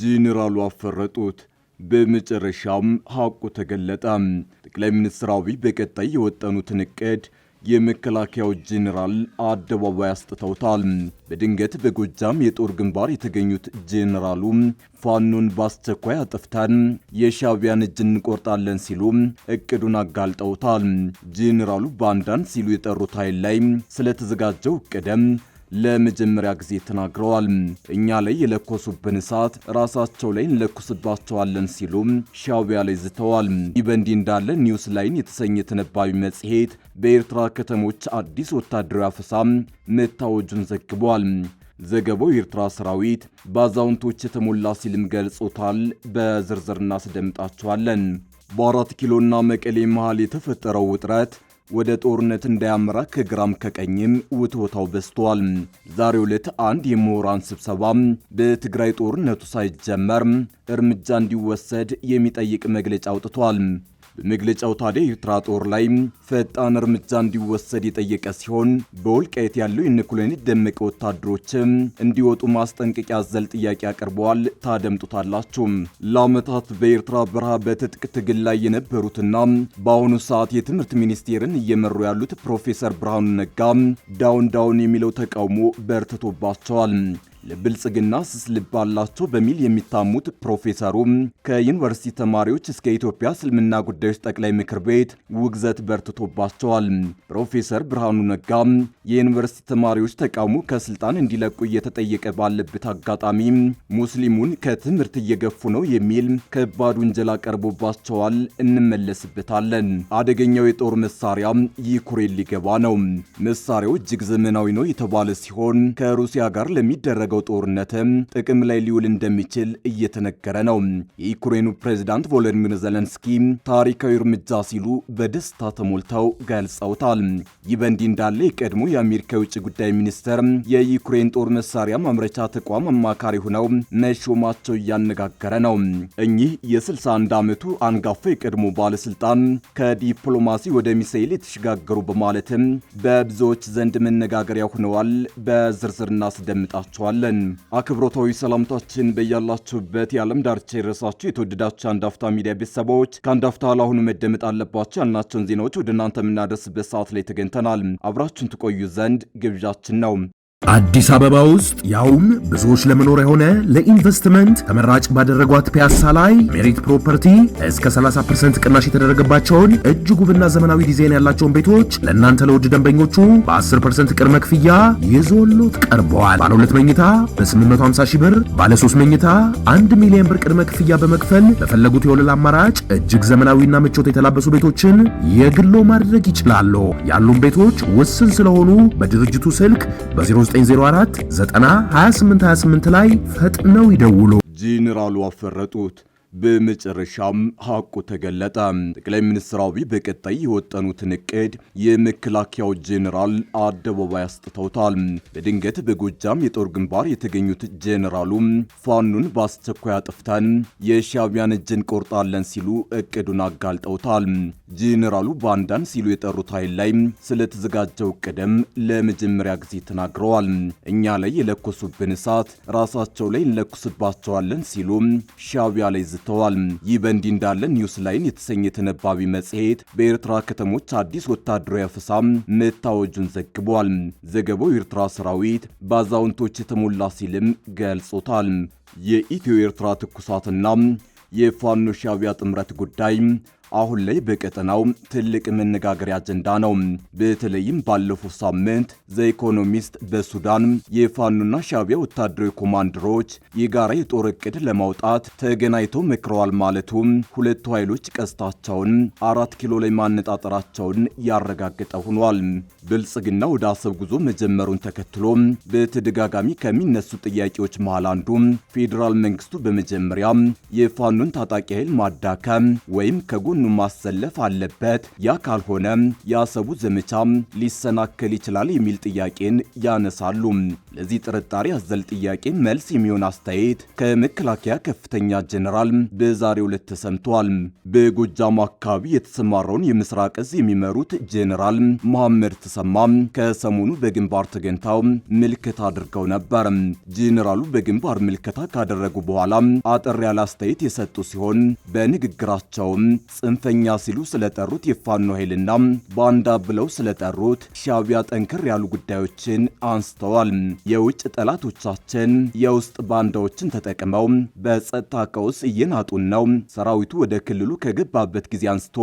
ጄኔራሉ አፈረጡት። በመጨረሻም ሐቁ ተገለጠ። ጠቅላይ ሚኒስትር አብይ በቀጣይ የወጠኑትን እቅድ የመከላከያው ጄኔራል አደባባይ አስጥተውታል። በድንገት በጎጃም የጦር ግንባር የተገኙት ጄኔራሉ ፋኖን በአስቸኳይ አጥፍተን የሻቢያን እጅ እንቆርጣለን ሲሉ እቅዱን አጋልጠውታል። ጄኔራሉ በአንዳንድ ሲሉ የጠሩት ኃይል ላይ ስለተዘጋጀው እቅደም ለመጀመሪያ ጊዜ ተናግረዋል። እኛ ላይ የለኮሱብን እሳት ራሳቸው ላይ እንለኩስባቸዋለን ሲሉም ሻቢያ ላይ ዝተዋል። ይህ በእንዲህ እንዳለ ኒውስ ላይን የተሰኘ ተነባቢ መጽሔት በኤርትራ ከተሞች አዲስ ወታደራዊ አፈሳም መታወጁን ዘግቧል። ዘገባው የኤርትራ ሰራዊት በአዛውንቶች የተሞላ ሲልም ገልጾታል። በዝርዝር እናስደምጣቸዋለን። በአራት ኪሎና መቀሌ መሃል የተፈጠረው ውጥረት ወደ ጦርነት እንዳያመራ ከግራም ከቀኝም ውትወታው በዝቷል። ዛሬ ዕለት አንድ የምሁራን ስብሰባ በትግራይ ጦርነቱ ሳይጀመር እርምጃ እንዲወሰድ የሚጠይቅ መግለጫ አውጥቷል። በመግለጫው ታዲያ የኤርትራ ጦር ላይ ፈጣን እርምጃ እንዲወሰድ የጠየቀ ሲሆን በወልቃይት ያለው የኮሎኔል ደመቀ ወታደሮችም እንዲወጡ ማስጠንቀቂያ አዘል ጥያቄ አቅርበዋል። ታደምጡታላችሁ። ለዓመታት በኤርትራ በረሃ በትጥቅ ትግል ላይ የነበሩትና በአሁኑ ሰዓት የትምህርት ሚኒስቴርን እየመሩ ያሉት ፕሮፌሰር ብርሃኑ ነጋ ዳውን ዳውን የሚለው ተቃውሞ በርትቶባቸዋል። ለብልጽግና ስስ አላቸው በሚል የሚታሙት ፕሮፌሰሩ ከዩኒቨርሲቲ ተማሪዎች እስከ ኢትዮጵያ እስልምና ጉዳዮች ጠቅላይ ምክር ቤት ውግዘት በርትቶባቸዋል። ፕሮፌሰር ብርሃኑ ነጋ የዩኒቨርሲቲ ተማሪዎች ተቃውሞ ከስልጣን እንዲለቁ እየተጠየቀ ባለበት አጋጣሚ ሙስሊሙን ከትምህርት እየገፉ ነው የሚል ከባድ ውንጀላ ቀርቦባቸዋል። እንመለስበታለን። አደገኛው የጦር መሳሪያ ይህ ሊገባ ነው። መሳሪያው እጅግ ዘመናዊ ነው የተባለ ሲሆን ከሩሲያ ጋር ለሚደረገው የሚደረገው ጦርነትም ጥቅም ላይ ሊውል እንደሚችል እየተነገረ ነው። የዩክሬኑ ፕሬዚዳንት ቮሎዲሚር ዘለንስኪ ታሪካዊ እርምጃ ሲሉ በደስታ ተሞልተው ገልጸውታል። ይህ በእንዲህ እንዳለ የቀድሞ የአሜሪካ የውጭ ጉዳይ ሚኒስትር የዩክሬን ጦር መሳሪያ ማምረቻ ተቋም አማካሪ ሆነው መሾማቸው እያነጋገረ ነው። እኚህ የ61 ዓመቱ አንጋፋ የቀድሞ ባለስልጣን ከዲፕሎማሲ ወደ ሚሳኤል የተሸጋገሩ በማለትም በብዙዎች ዘንድ መነጋገሪያ ሆነዋል። በዝርዝር እናስደምጣቸዋል። እናቀርባለን። አክብሮታዊ ሰላምታችን በያላችሁበት የዓለም ዳርቻ የደረሳችሁ የተወደዳችሁ አንዳፍታ ሚዲያ ቤተሰቦች ከአንዳፍታ አፍታ ለአሁኑ መደመጥ አለባቸው ያልናቸውን ዜናዎች ወደ እናንተ የምናደርስበት ሰዓት ላይ ተገኝተናል። አብራችሁን ትቆዩ ዘንድ ግብዣችን ነው። አዲስ አበባ ውስጥ ያውም ብዙዎች ለመኖር የሆነ ለኢንቨስትመንት ተመራጭ ባደረጓት ፒያሳ ላይ ሜሪት ፕሮፐርቲ እስከ 30% ቅናሽ የተደረገባቸውን እጅግ ውብና ዘመናዊ ዲዛይን ያላቸውን ቤቶች ለእናንተ ለውድ ደንበኞቹ በ10% ቅድመ ክፍያ ይዞሎት ቀርበዋል። ባለ ሁለት መኝታ በ850 ሺህ ብር፣ ባለ 3 መኝታ 1 ሚሊዮን ብር ቅድመ ክፍያ በመክፈል ለፈለጉት የወለል አማራጭ እጅግ ዘመናዊና ምቾት የተላበሱ ቤቶችን የግሎ ማድረግ ይችላሉ። ያሉን ቤቶች ውስን ስለሆኑ በድርጅቱ ስልክ በ 0904 928 28 ላይ ፈጥነው ይደውሉ። ጄኔራሉ አፈረጡት። በመጨረሻም ሀቁ ተገለጠ። ጠቅላይ ሚኒስትር አብይ በቀጣይ የወጠኑትን እቅድ የመከላከያው ጄኔራል አደባባይ አስጥተውታል። በድንገት በጎጃም የጦር ግንባር የተገኙት ጄኔራሉ ፋኑን በአስቸኳይ አጥፍተን የሻቢያን እጅን ቆርጣለን ሲሉ እቅዱን አጋልጠውታል። ጄኔራሉ በአንዳንድ ሲሉ የጠሩት ኃይል ላይ ስለተዘጋጀው ቅደም ለመጀመሪያ ጊዜ ተናግረዋል። እኛ ላይ የለኮሱብን እሳት ራሳቸው ላይ እንለኩስባቸዋለን ሲሉ ሻቢያ ላይ ዝተዋል። ይህ በእንዲህ እንዳለ ኒውስ ላይን የተሰኘ ተነባቢ መጽሔት በኤርትራ ከተሞች አዲስ ወታደራዊ አፈሳ መታወጁን ዘግቧል። ዘገባው የኤርትራ ሰራዊት በአዛውንቶች የተሞላ ሲልም ገልጾታል። የኢትዮ ኤርትራ ትኩሳትና የፋኖ ሻቢያ ጥምረት ጉዳይ አሁን ላይ በቀጠናው ትልቅ መነጋገሪያ አጀንዳ ነው። በተለይም ባለፈው ሳምንት ዘ ኢኮኖሚስት በሱዳን የፋኖና ሻቢያ ወታደራዊ ኮማንደሮች የጋራ የጦር እቅድ ለማውጣት ተገናኝተው መክረዋል ማለቱም ሁለቱ ኃይሎች ቀስታቸውን አራት ኪሎ ላይ ማነጣጠራቸውን ያረጋገጠ ሆኗል። ብልጽግና ወደ አሰብ ጉዞ መጀመሩን ተከትሎ በተደጋጋሚ ከሚነሱ ጥያቄዎች መሃል አንዱ ፌዴራል መንግስቱ በመጀመሪያ የፋኖን ታጣቂ ኃይል ማዳከም ወይም ከጎን ሁሉም ማሰለፍ አለበት። ያ ካልሆነ የአሰቡ ዘመቻም ሊሰናከል ይችላል የሚል ጥያቄን ያነሳሉ። ለዚህ ጥርጣሬ አዘል ጥያቄ መልስ የሚሆን አስተያየት ከመከላከያ ከፍተኛ ጀኔራል በዛሬው ዕለት ተሰምቷል። በጎጃሙ አካባቢ የተሰማራውን የምስራቅ እዝ የሚመሩት ጀኔራል መሐመድ ተሰማ ከሰሞኑ በግንባር ተገኝተው ምልከት አድርገው ነበር። ጀኔራሉ በግንባር ምልከታ ካደረጉ በኋላ አጠር ያለ አስተያየት የሰጡ ሲሆን በንግግራቸውም ጽንፈኛ ሲሉ ስለጠሩት የፋኖ ኃይልና ባንዳ ብለው ስለጠሩት ሻቢያ ጠንከር ያሉ ጉዳዮችን አንስተዋል። የውጭ ጠላቶቻችን የውስጥ ባንዳዎችን ተጠቅመው በጸጥታ ቀውስ እየናጡን ነው። ሰራዊቱ ወደ ክልሉ ከገባበት ጊዜ አንስቶ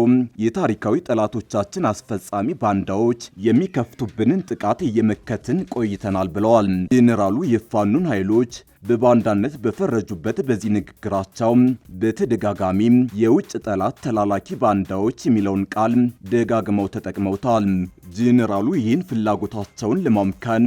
የታሪካዊ ጠላቶቻችን አስፈጻሚ ባንዳዎች የሚከፍቱብንን ጥቃት እየመከትን ቆይተናል ብለዋል ጄኔራሉ የፋኑን ኃይሎች በባንዳነት በፈረጁበት በዚህ ንግግራቸው በተደጋጋሚ የውጭ ጠላት ተላላኪ ባንዳዎች የሚለውን ቃል ደጋግመው ተጠቅመውታል። ጄኔራሉ ይህን ፍላጎታቸውን ለማምከን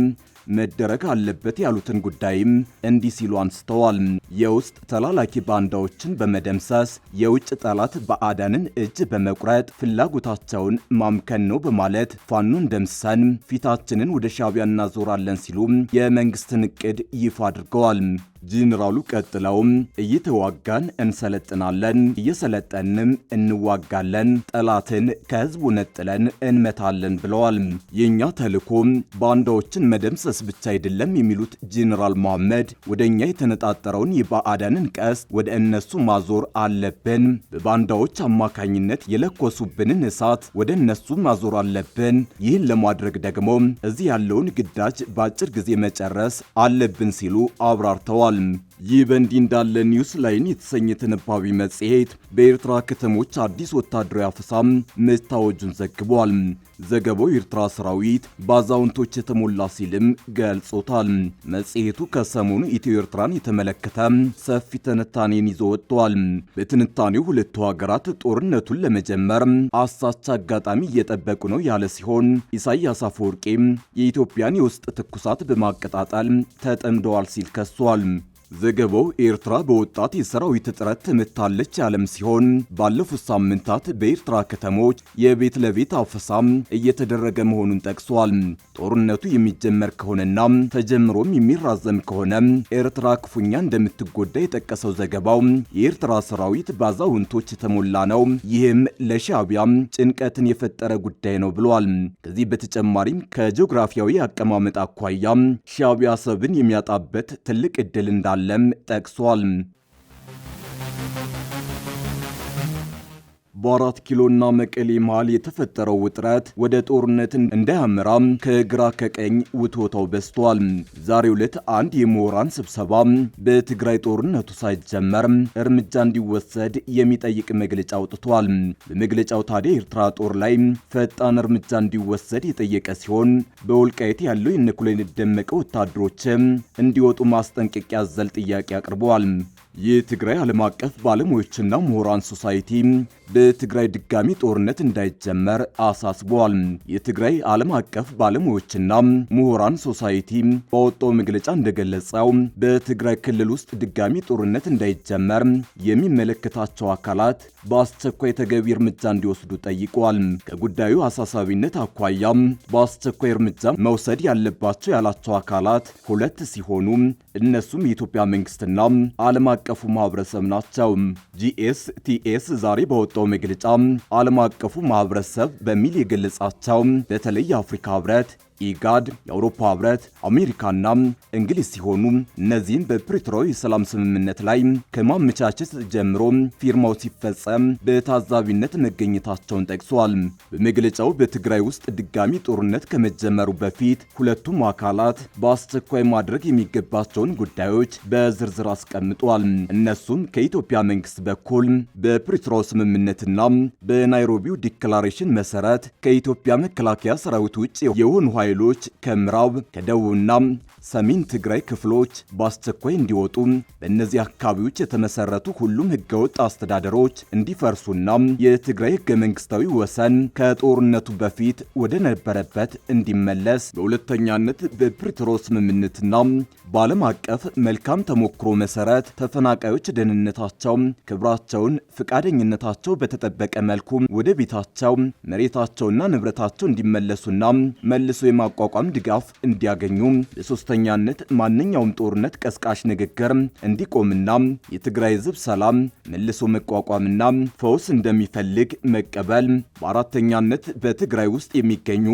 መደረግ አለበት ያሉትን ጉዳይም እንዲህ ሲሉ አንስተዋል። የውስጥ ተላላኪ ባንዳዎችን በመደምሰስ የውጭ ጠላት በአዳንን እጅ በመቁረጥ ፍላጎታቸውን ማምከን ነው በማለት ፋኖን ደምሰን ፊታችንን ወደ ሻቢያ እናዞራለን ሲሉ የመንግስትን እቅድ ይፋ አድርገዋል። ጄኔራሉ ቀጥለውም እየተዋጋን እንሰለጥናለን፣ እየሰለጠንም እንዋጋለን፣ ጠላትን ከህዝቡ ነጥለን እንመታለን ብለዋል። የእኛ ተልእኮም ባንዳዎችን መደምሰስ ብቻ አይደለም የሚሉት ጄኔራል መሐመድ ወደ እኛ የተነጣጠረውን የባዕዳንን ቀስት ወደ እነሱ ማዞር አለብን። በባንዳዎች አማካኝነት የለኮሱብንን እሳት ወደ እነሱ ማዞር አለብን። ይህን ለማድረግ ደግሞ እዚህ ያለውን ግዳጅ በአጭር ጊዜ መጨረስ አለብን ሲሉ አብራርተዋል። الظالم ይህ በእንዲህ እንዳለ ኒውስ ላይን የተሰኘ ተነባቢ መጽሔት በኤርትራ ከተሞች አዲስ ወታደራዊ አፈሳም መታወጁን ዘግቧል። ዘገባው የኤርትራ ሰራዊት በአዛውንቶች የተሞላ ሲልም ገልጾታል። መጽሔቱ ከሰሞኑ ኢትዮ ኤርትራን የተመለከተ ሰፊ ትንታኔን ይዞ ወጥቷል። በትንታኔው ሁለቱ ሀገራት ጦርነቱን ለመጀመር አሳቻ አጋጣሚ እየጠበቁ ነው ያለ ሲሆን ኢሳያስ አፈወርቄም የኢትዮጵያን የውስጥ ትኩሳት በማቀጣጠል ተጠምደዋል ሲል ከሷል። ዘገባው ኤርትራ በወጣት የሰራዊት እጥረት ተመታለች ያለም ሲሆን ባለፉት ሳምንታት በኤርትራ ከተሞች የቤት ለቤት አፈሳም እየተደረገ መሆኑን ጠቅሷል። ጦርነቱ የሚጀመር ከሆነና ተጀምሮም የሚራዘም ከሆነ ኤርትራ ክፉኛ እንደምትጎዳ የጠቀሰው ዘገባው የኤርትራ ሰራዊት በአዛውንቶች የተሞላ ነው፣ ይህም ለሻቢያ ጭንቀትን የፈጠረ ጉዳይ ነው ብሏል። ከዚህ በተጨማሪም ከጂኦግራፊያዊ አቀማመጥ አኳያ ሻቢያ አሰብን የሚያጣበት ትልቅ ዕድል እንዳለ እንዲታለም ጠቅሷል። በአራት ኪሎና መቀሌ መሃል የተፈጠረው ውጥረት ወደ ጦርነት እንዳያምራ ከግራ ከቀኝ ውትወታው በዝቷል። ዛሬ ዕለት አንድ የምሁራን ስብሰባ በትግራይ ጦርነቱ ሳይጀመር እርምጃ እንዲወሰድ የሚጠይቅ መግለጫ አውጥቷል። በመግለጫው ታዲያ ኤርትራ ጦር ላይ ፈጣን እርምጃ እንዲወሰድ የጠየቀ ሲሆን በወልቃይት ያለው የነኩሌን ደመቀ ወታደሮችም እንዲወጡ ማስጠንቀቂያ አዘል ጥያቄ አቅርበዋል። የትግራይ ዓለም አቀፍ ባለሙያዎችና ምሁራን ሶሳይቲ በትግራይ ድጋሚ ጦርነት እንዳይጀመር አሳስበዋል። የትግራይ ዓለም አቀፍ ባለሙያዎችና ምሁራን ሶሳይቲ በወጣው መግለጫ እንደገለጸው በትግራይ ክልል ውስጥ ድጋሚ ጦርነት እንዳይጀመር የሚመለከታቸው አካላት በአስቸኳይ ተገቢ እርምጃ እንዲወስዱ ጠይቀዋል። ከጉዳዩ አሳሳቢነት አኳያ በአስቸኳይ እርምጃ መውሰድ ያለባቸው ያላቸው አካላት ሁለት ሲሆኑ እነሱም የኢትዮጵያ መንግስትና ዓለም አቀፉ ማህበረሰብ ናቸው። ጂኤስቲኤስ ዛሬ ባወጣው በወጣው መግለጫ ዓለም አቀፉ ማህበረሰብ በሚል የገለጻቸው በተለይ የአፍሪካ ህብረት ኢጋድ፣ የአውሮፓ ህብረት፣ አሜሪካና እንግሊዝ ሲሆኑ እነዚህም በፕሪቶሪያው የሰላም ስምምነት ላይ ከማመቻቸት ጀምሮ ፊርማው ሲፈጸም በታዛቢነት መገኘታቸውን ጠቅሷል። በመግለጫው በትግራይ ውስጥ ድጋሚ ጦርነት ከመጀመሩ በፊት ሁለቱም አካላት በአስቸኳይ ማድረግ የሚገባቸውን ጉዳዮች በዝርዝር አስቀምጧል። እነሱም ከኢትዮጵያ መንግስት በኩል በፕሪቶሪያው ስምምነትና በናይሮቢው ዲክላሬሽን መሰረት ከኢትዮጵያ መከላከያ ሰራዊት ውጭ የሆኑ ኃይሎች ከምዕራብ ከደቡብና ሰሜን ትግራይ ክፍሎች በአስቸኳይ እንዲወጡ በእነዚህ አካባቢዎች የተመሰረቱ ሁሉም ህገወጥ አስተዳደሮች እንዲፈርሱና የትግራይ ህገ መንግስታዊ ወሰን ከጦርነቱ በፊት ወደ ነበረበት እንዲመለስ በሁለተኛነት በፕሪቶሪያ ስምምነትና በዓለም አቀፍ መልካም ተሞክሮ መሰረት ተፈናቃዮች ደህንነታቸው፣ ክብራቸውን፣ ፈቃደኝነታቸው በተጠበቀ መልኩ ወደ ቤታቸው፣ መሬታቸውና ንብረታቸው እንዲመለሱና መልሶ የማቋቋም ድጋፍ እንዲያገኙ፣ በሶስተኛነት ማንኛውም ጦርነት ቀስቃሽ ንግግር እንዲቆምና የትግራይ ህዝብ ሰላም መልሶ መቋቋምና ፈውስ እንደሚፈልግ መቀበል፣ በአራተኛነት በትግራይ ውስጥ የሚገኙ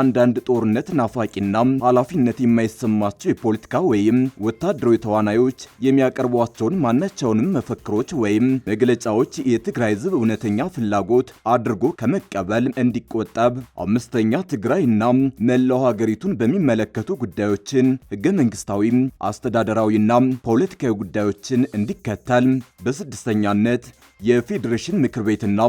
አንዳንድ ጦርነት ናፋቂና ኃላፊነት የማይሰማቸው የፖለቲካ ወይም ወታደራዊ ተዋናዮች የሚያቀርቧቸውን ማናቸውንም መፈክሮች ወይም መግለጫዎች የትግራይ ህዝብ እውነተኛ ፍላጎት አድርጎ ከመቀበል እንዲቆጠብ፣ አምስተኛ ትግራይና መላ መላው ሀገሪቱን በሚመለከቱ ጉዳዮችን ህገ መንግስታዊ፣ አስተዳደራዊና ፖለቲካዊ ጉዳዮችን እንዲከተል በስድስተኛነት የፌዴሬሽን ምክር ቤትና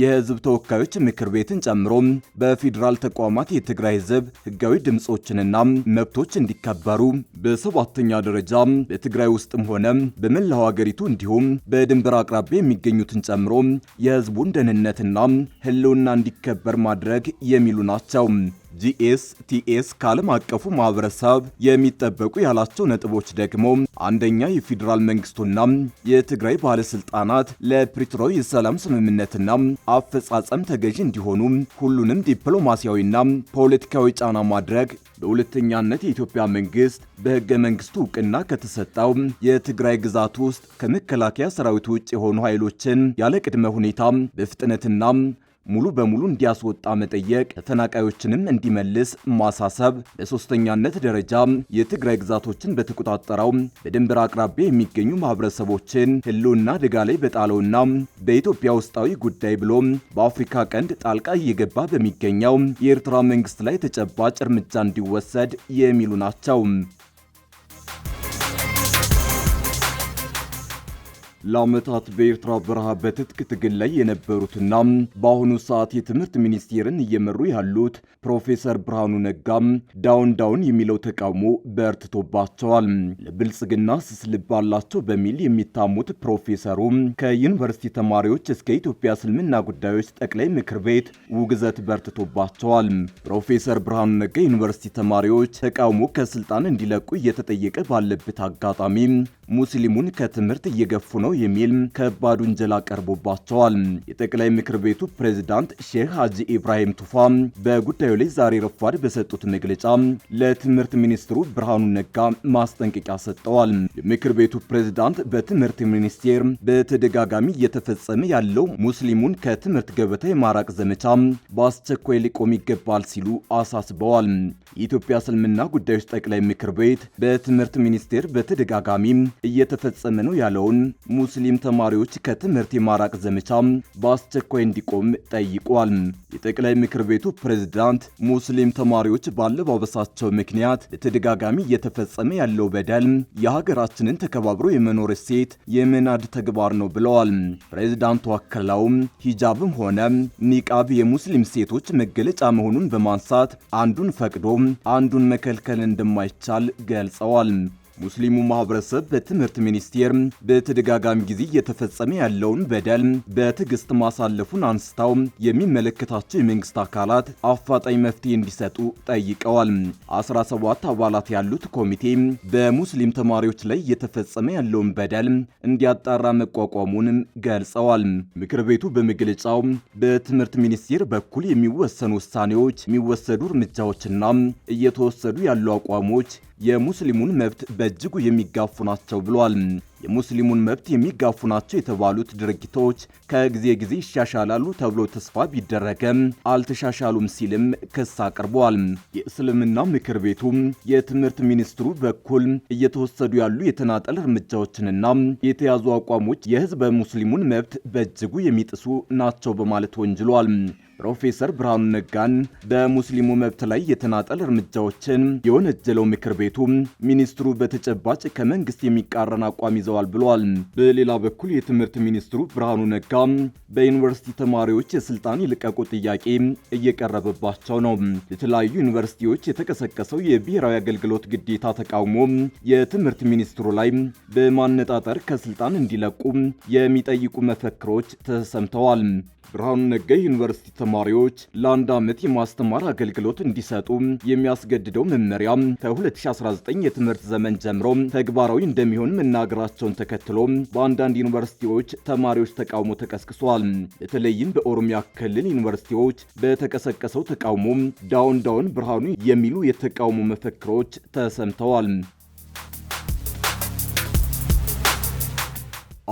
የህዝብ ተወካዮች ምክር ቤትን ጨምሮ በፌዴራል ተቋማት የትግራይ ህዝብ ህጋዊ ድምፆችንና መብቶች እንዲከበሩ፣ በሰባተኛ ደረጃ በትግራይ ውስጥም ሆነ በመላው ሀገሪቱ እንዲሁም በድንበር አቅራቢያ የሚገኙትን ጨምሮ የህዝቡን ደህንነትና ህልውና እንዲከበር ማድረግ የሚሉ ናቸው። ጂኤስ ቲኤስ ከዓለም አቀፉ ማህበረሰብ የሚጠበቁ ያላቸው ነጥቦች ደግሞ አንደኛ የፌዴራል መንግስቱና የትግራይ ባለስልጣናት ለ ለፕሪቶሪያው የሰላም ስምምነትና አፈጻጸም ተገዢ እንዲሆኑ ሁሉንም ዲፕሎማሲያዊና ፖለቲካዊ ጫና ማድረግ በሁለተኛነት የኢትዮጵያ መንግስት በህገ መንግስቱ እውቅና ከተሰጠው የትግራይ ግዛት ውስጥ ከመከላከያ ሰራዊት ውጭ የሆኑ ኃይሎችን ያለ ቅድመ ሁኔታ በፍጥነትና ሙሉ በሙሉ እንዲያስወጣ መጠየቅ፣ ተፈናቃዮችንም እንዲመልስ ማሳሰብ፣ በሶስተኛነት ደረጃ የትግራይ ግዛቶችን በተቆጣጠረው በድንበር አቅራቢያ የሚገኙ ማህበረሰቦችን ህልውና አደጋ ላይ በጣለውና በኢትዮጵያ ውስጣዊ ጉዳይ ብሎ በአፍሪካ ቀንድ ጣልቃ እየገባ በሚገኘው የኤርትራ መንግስት ላይ ተጨባጭ እርምጃ እንዲወሰድ የሚሉ ናቸው። ለዓመታት በኤርትራ በረሃ በትጥቅ ትግል ላይ የነበሩትና በአሁኑ ሰዓት የትምህርት ሚኒስቴርን እየመሩ ያሉት ፕሮፌሰር ብርሃኑ ነጋም ዳውን ዳውን የሚለው ተቃውሞ በርትቶባቸዋል። ለብልጽግና ስስ ልብ አላቸው በሚል የሚታሙት ፕሮፌሰሩ ከዩኒቨርሲቲ ተማሪዎች እስከ ኢትዮጵያ እስልምና ጉዳዮች ጠቅላይ ምክር ቤት ውግዘት በርትቶባቸዋል። ፕሮፌሰር ብርሃኑ ነጋ ዩኒቨርሲቲ ተማሪዎች ተቃውሞ ከስልጣን እንዲለቁ እየተጠየቀ ባለበት አጋጣሚ ሙስሊሙን ከትምህርት እየገፉ ነው የሚል ከባድ ውንጀላ ቀርቦባቸዋል። የጠቅላይ ምክር ቤቱ ፕሬዝዳንት ሼህ ሀጂ ኢብራሂም ቱፋ በጉዳዩ ላይ ዛሬ ረፋድ በሰጡት መግለጫ ለትምህርት ሚኒስትሩ ብርሃኑ ነጋ ማስጠንቀቂያ ሰጥተዋል። የምክር ቤቱ ፕሬዝዳንት በትምህርት ሚኒስቴር በተደጋጋሚ እየተፈጸመ ያለው ሙስሊሙን ከትምህርት ገበታ የማራቅ ዘመቻ በአስቸኳይ ሊቆም ይገባል ሲሉ አሳስበዋል። የኢትዮጵያ እስልምና ጉዳዮች ጠቅላይ ምክር ቤት በትምህርት ሚኒስቴር በተደጋጋሚ እየተፈጸመ ነው ያለውን የሙስሊም ተማሪዎች ከትምህርት የማራቅ ዘመቻ በአስቸኳይ እንዲቆም ጠይቋል። የጠቅላይ ምክር ቤቱ ፕሬዝዳንት ሙስሊም ተማሪዎች ባለባበሳቸው ምክንያት በተደጋጋሚ እየተፈጸመ ያለው በደል የሀገራችንን ተከባብሮ የመኖር እሴት የመናድ ተግባር ነው ብለዋል። ፕሬዝዳንቱ አክለው ሂጃብም ሆነ ኒቃብ የሙስሊም ሴቶች መገለጫ መሆኑን በማንሳት አንዱን ፈቅዶ አንዱን መከልከል እንደማይቻል ገልጸዋል። ሙስሊሙ ማህበረሰብ በትምህርት ሚኒስቴር በተደጋጋሚ ጊዜ እየተፈጸመ ያለውን በደል በትዕግስት ማሳለፉን አንስተው የሚመለከታቸው የመንግስት አካላት አፋጣኝ መፍትሄ እንዲሰጡ ጠይቀዋል። 17 አባላት ያሉት ኮሚቴ በሙስሊም ተማሪዎች ላይ እየተፈጸመ ያለውን በደል እንዲያጣራ መቋቋሙንም ገልጸዋል። ምክር ቤቱ በመግለጫው በትምህርት ሚኒስቴር በኩል የሚወሰኑ ውሳኔዎች፣ የሚወሰዱ እርምጃዎችና እየተወሰዱ ያሉ አቋሞች የሙስሊሙን መብት በእጅጉ የሚጋፉ ናቸው ብሏል። የሙስሊሙን መብት የሚጋፉ ናቸው የተባሉት ድርጊቶች ከጊዜ ጊዜ ይሻሻላሉ ተብሎ ተስፋ ቢደረገም አልተሻሻሉም ሲልም ክስ አቅርበዋል። የእስልምና ምክር ቤቱ የትምህርት ሚኒስትሩ በኩል እየተወሰዱ ያሉ የተናጠል እርምጃዎችንና የተያዙ አቋሞች የህዝበ ሙስሊሙን መብት በእጅጉ የሚጥሱ ናቸው በማለት ወንጅሏል። ፕሮፌሰር ብርሃኑ ነጋን በሙስሊሙ መብት ላይ የተናጠል እርምጃዎችን የወነጀለው ምክር ቤቱ ሚኒስትሩ በተጨባጭ ከመንግስት የሚቃረን አቋም ይዘዋል ብለዋል። በሌላ በኩል የትምህርት ሚኒስትሩ ብርሃኑ ነጋ በዩኒቨርሲቲ ተማሪዎች የስልጣን ይልቀቁ ጥያቄ እየቀረበባቸው ነው። የተለያዩ ዩኒቨርሲቲዎች የተቀሰቀሰው የብሔራዊ አገልግሎት ግዴታ ተቃውሞ የትምህርት ሚኒስትሩ ላይ በማነጣጠር ከስልጣን እንዲለቁ የሚጠይቁ መፈክሮች ተሰምተዋል። ብርሃኑ ነጋ ዩኒቨርሲቲ ተማሪዎች ለአንድ ዓመት የማስተማር አገልግሎት እንዲሰጡ የሚያስገድደው መመሪያ ከ2019 የትምህርት ዘመን ጀምሮ ተግባራዊ እንደሚሆን መናገራቸውን ተከትሎ በአንዳንድ ዩኒቨርሲቲዎች ተማሪዎች ተቃውሞ ተቀስቅሷል። በተለይም በኦሮሚያ ክልል ዩኒቨርሲቲዎች በተቀሰቀሰው ተቃውሞ ዳውን ዳውን ብርሃኑ የሚሉ የተቃውሞ መፈክሮች ተሰምተዋል።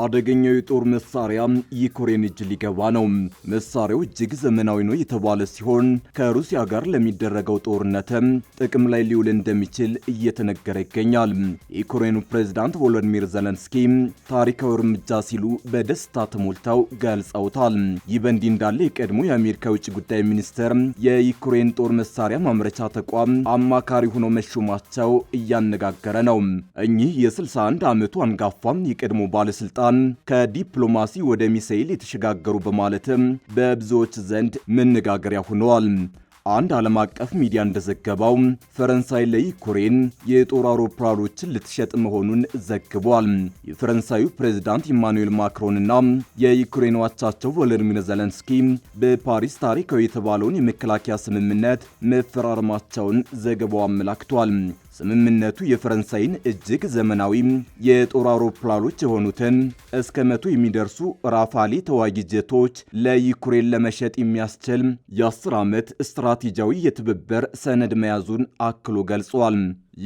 አደገኛው የጦር መሳሪያ ዩክሬን እጅ ሊገባ ነው። መሳሪያው እጅግ ዘመናዊ ነው የተባለ ሲሆን ከሩሲያ ጋር ለሚደረገው ጦርነትም ጥቅም ላይ ሊውል እንደሚችል እየተነገረ ይገኛል። የዩክሬኑ ፕሬዝዳንት ቮሎዲሚር ዘለንስኪ ታሪካዊ እርምጃ ሲሉ በደስታ ተሞልተው ገልጸውታል። ይህ በእንዲህ እንዳለ የቀድሞ የአሜሪካ የውጭ ጉዳይ ሚኒስትር የዩክሬን ጦር መሳሪያ ማምረቻ ተቋም አማካሪ ሆኖ መሾማቸው እያነጋገረ ነው። እኚህ የ61 ዓመቱ አንጋፋም የቀድሞ ባለስልጣን ስልጣን ከዲፕሎማሲ ወደ ሚሳኤል የተሸጋገሩ በማለትም በብዙዎች ዘንድ መነጋገሪያ ሆነዋል። አንድ ዓለም አቀፍ ሚዲያ እንደዘገበው ፈረንሳይ ለዩክሬን የጦር አውሮፕላኖችን ልትሸጥ መሆኑን ዘግቧል። የፈረንሳዩ ፕሬዝዳንት ኢማኑኤል ማክሮንና የዩክሬን አቻቸው ቮሎዲሚር ዘለንስኪ በፓሪስ ታሪካዊ የተባለውን የመከላከያ ስምምነት መፈራረማቸውን ዘገባው አመላክቷል። ስምምነቱ የፈረንሳይን እጅግ ዘመናዊ የጦር አውሮፕላኖች የሆኑትን እስከ መቶ የሚደርሱ ራፋሌ ተዋጊ ጀቶች ለዩክሬን ለመሸጥ የሚያስችል የ10 ዓመት ስትራ ስትራቴጂያዊ የትብብር ሰነድ መያዙን አክሎ ገልጿል።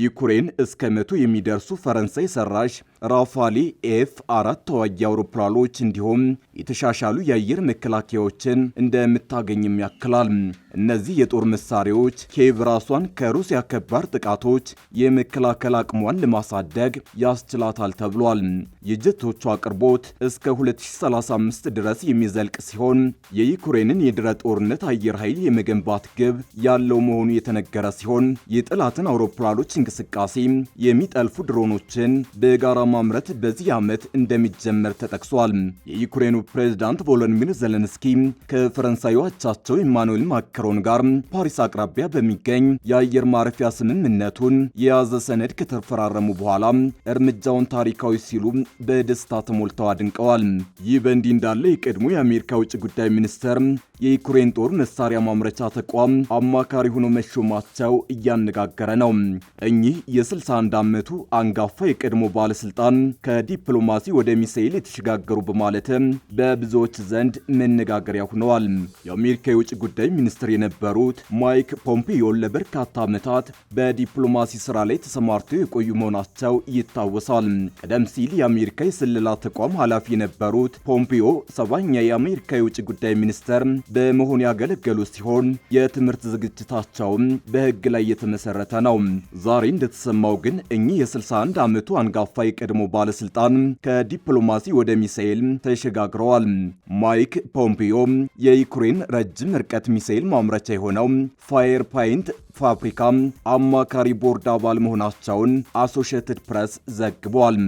ዩክሬን እስከ መቶ የሚደርሱ ፈረንሳይ ሰራሽ ራፋሊ ኤፍ አራት ተዋጊ አውሮፕላኖች እንዲሁም የተሻሻሉ የአየር መከላከያዎችን እንደምታገኝም ያክላል። እነዚህ የጦር መሳሪያዎች ኬቭ ራሷን ከሩሲያ ከባድ ጥቃቶች የመከላከል አቅሟን ለማሳደግ ያስችላታል ተብሏል። የጀቶቹ አቅርቦት እስከ 2035 ድረስ የሚዘልቅ ሲሆን የዩክሬንን የድረ ጦርነት አየር ኃይል የመገንባት ግብ ያለው መሆኑ የተነገረ ሲሆን የጠላትን አውሮፕላኖች እንቅስቃሴ የሚጠልፉ ድሮኖችን በጋራ ማምረት በዚህ ዓመት እንደሚጀመር ተጠቅሷል። የዩክሬኑ ፕሬዝዳንት ቮሎዲሚር ዘለንስኪ ከፈረንሳዩ አቻቸው ኢማኑኤል ማክሮን ጋር ፓሪስ አቅራቢያ በሚገኝ የአየር ማረፊያ ስምምነቱን የያዘ ሰነድ ከተፈራረሙ በኋላ እርምጃውን ታሪካዊ ሲሉ በደስታ ተሞልተው አድንቀዋል። ይህ በእንዲህ እንዳለ የቀድሞ የአሜሪካ ውጭ ጉዳይ ሚኒስተር የዩክሬን ጦር መሳሪያ ማምረቻ ተቋም አማካሪ ሆኖ መሾማቸው እያነጋገረ ነው። እኚህ የ61 ዓመቱ አንጋፋ የቀድሞ ባለስልጣን ከዲፕሎማሲ ወደ ሚሳኤል የተሸጋገሩ በማለትም በብዙዎች ዘንድ መነጋገሪያ ሆነዋል። የአሜሪካ የውጭ ጉዳይ ሚኒስትር የነበሩት ማይክ ፖምፒዮ ለበርካታ ዓመታት በዲፕሎማሲ ስራ ላይ ተሰማርተው የቆዩ መሆናቸው ይታወሳል። ቀደም ሲል የአሜሪካ የስለላ ተቋም ኃላፊ የነበሩት ፖምፒዮ ሰባኛ የአሜሪካ የውጭ ጉዳይ ሚኒስትር በመሆን ያገለገሉ ሲሆን የትምህርት ዝግጅታቸውም በሕግ ላይ የተመሰረተ ነው። ዛሬ እንደተሰማው ግን እኚህ የ61 ዓመቱ አንጋፋ የቀድሞ ባለስልጣን ከዲፕሎማሲ ወደ ሚሳኤል ተሸጋግረዋል። ማይክ ፖምፒዮ የዩክሬን ረጅም ርቀት ሚሳኤል ማምረቻ የሆነው ፋየር ፓይንት ፋብሪካ አማካሪ ቦርድ አባል መሆናቸውን አሶሽትድ ፕሬስ ዘግቧል።